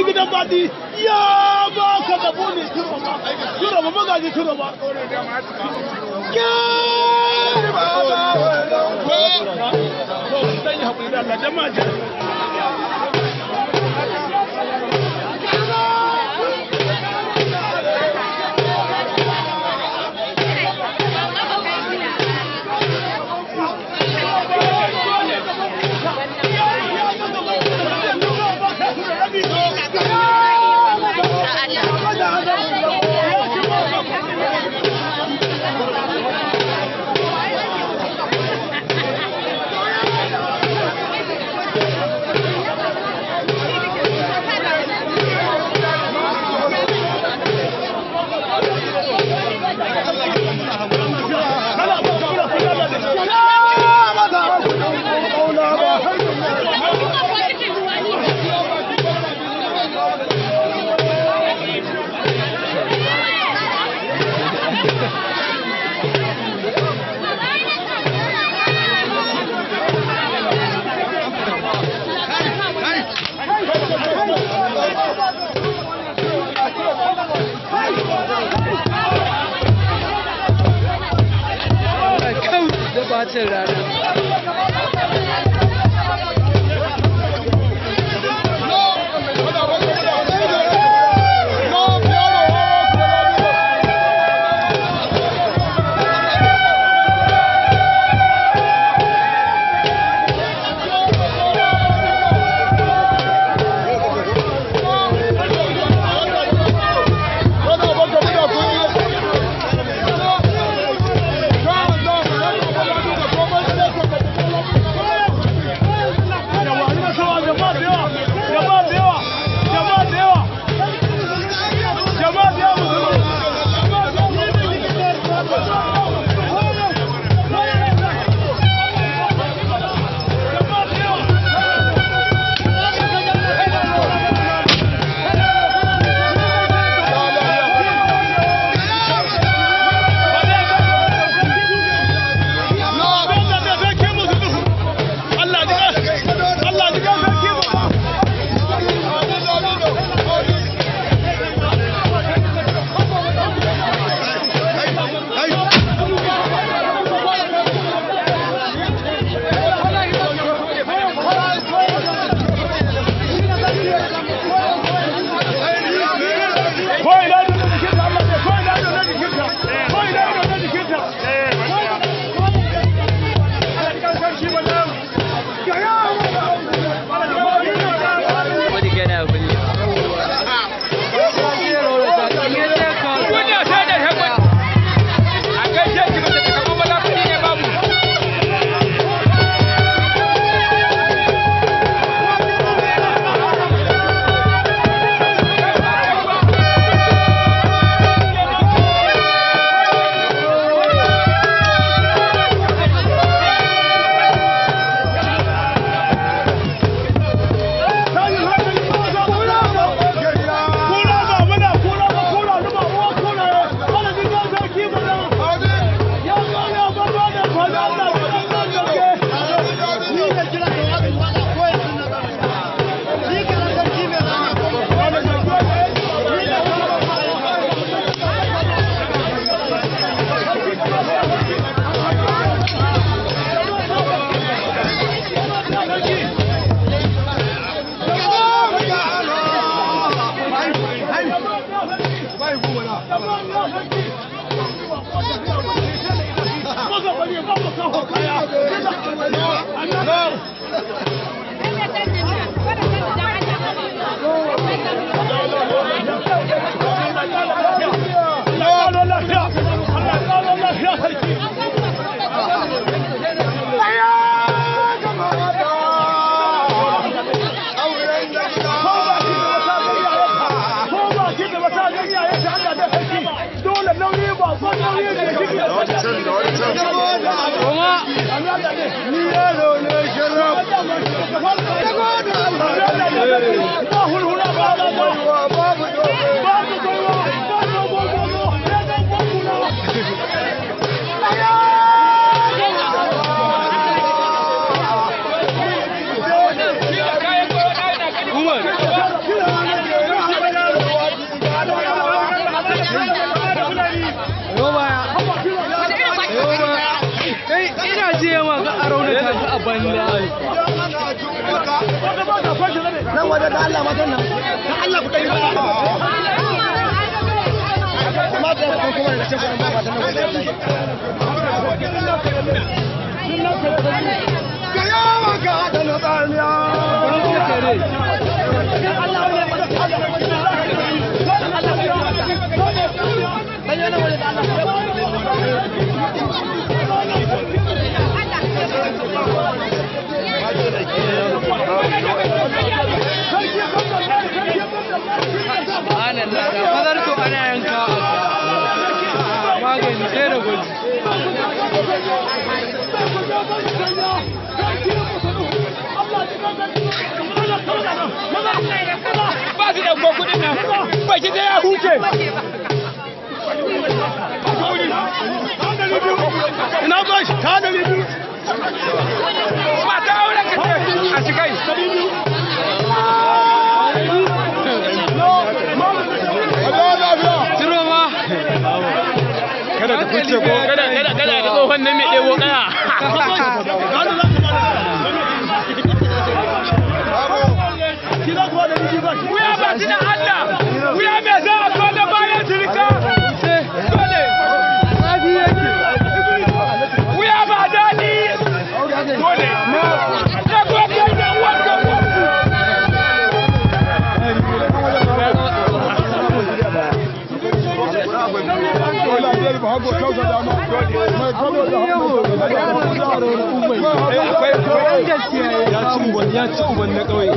wani gidan gwadi ya ba ka da bone turo ba turo ba magaji turo ba ya ba ba ba ba ba ba ba ba ba ba ba ba ba ba Será? Let's go! Let's go. Ni yellow nation, banza nan wadda da Allah wajen nan da Allah ku ɗari ba kuma da kuma kuma da cikin ba ba ta nan wajen halarto ana yanka da gwaji auren kada ka fice ko kada kada kada ka tsohon nan mai ɗebo kaya wuya ba shi da Allah wuya mai ci uban na ƙauye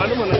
Thank you.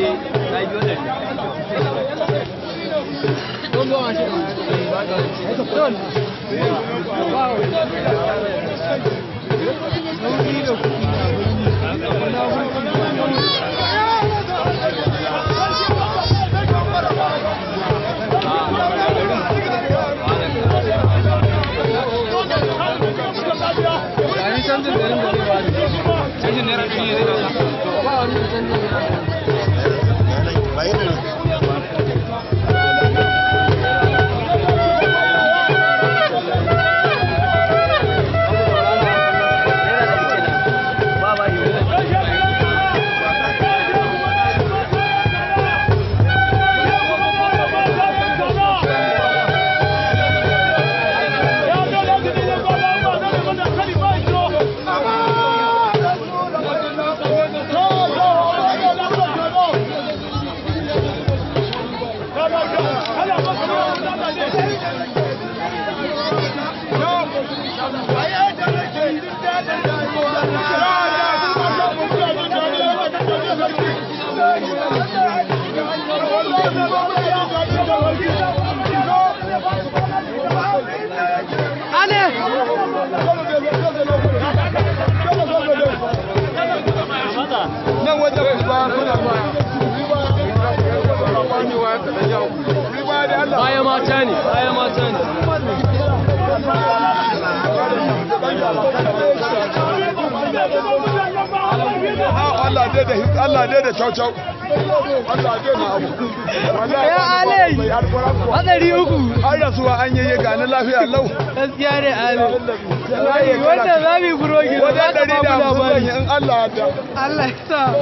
Don't go on. Don't go on. nan wata Allah dai da Allah dai da Allah dai abu ya hadari uku har rasuwa an yi ga na lafiya lau gaskiya ne ami wanda za mu yi burogi da za ka bamu labari in Allah ya Allah ya sa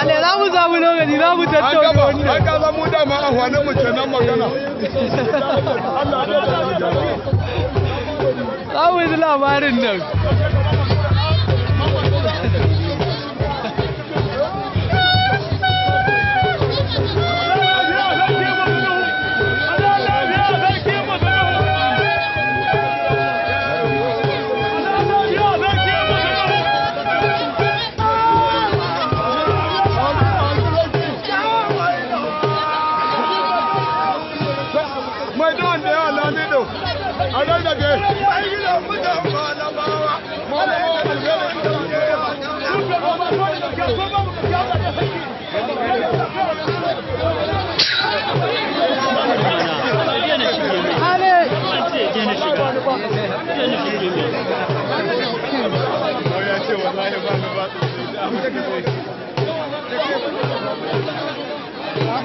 Ale za mu samu lokaci za mu tattauna wannan an ka mu da ma a hwanan mu kenan magana Allah ya sa mu labarin nan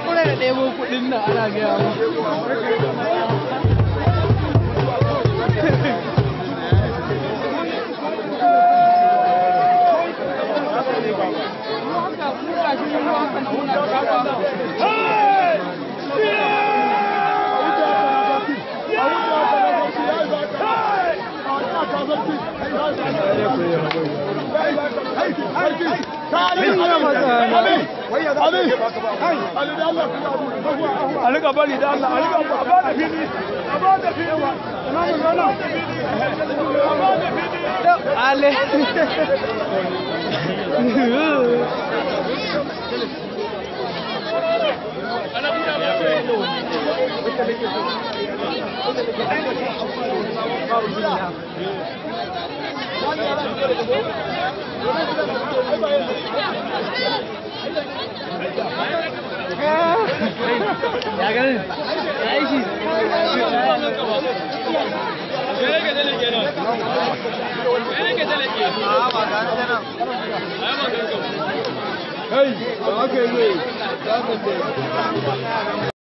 我那个 demo 就定下来了，家伙。Ali, da Allah a riƙa bari da Allah, a riƙa a a ba da a Thank you. Hey, okay, wait.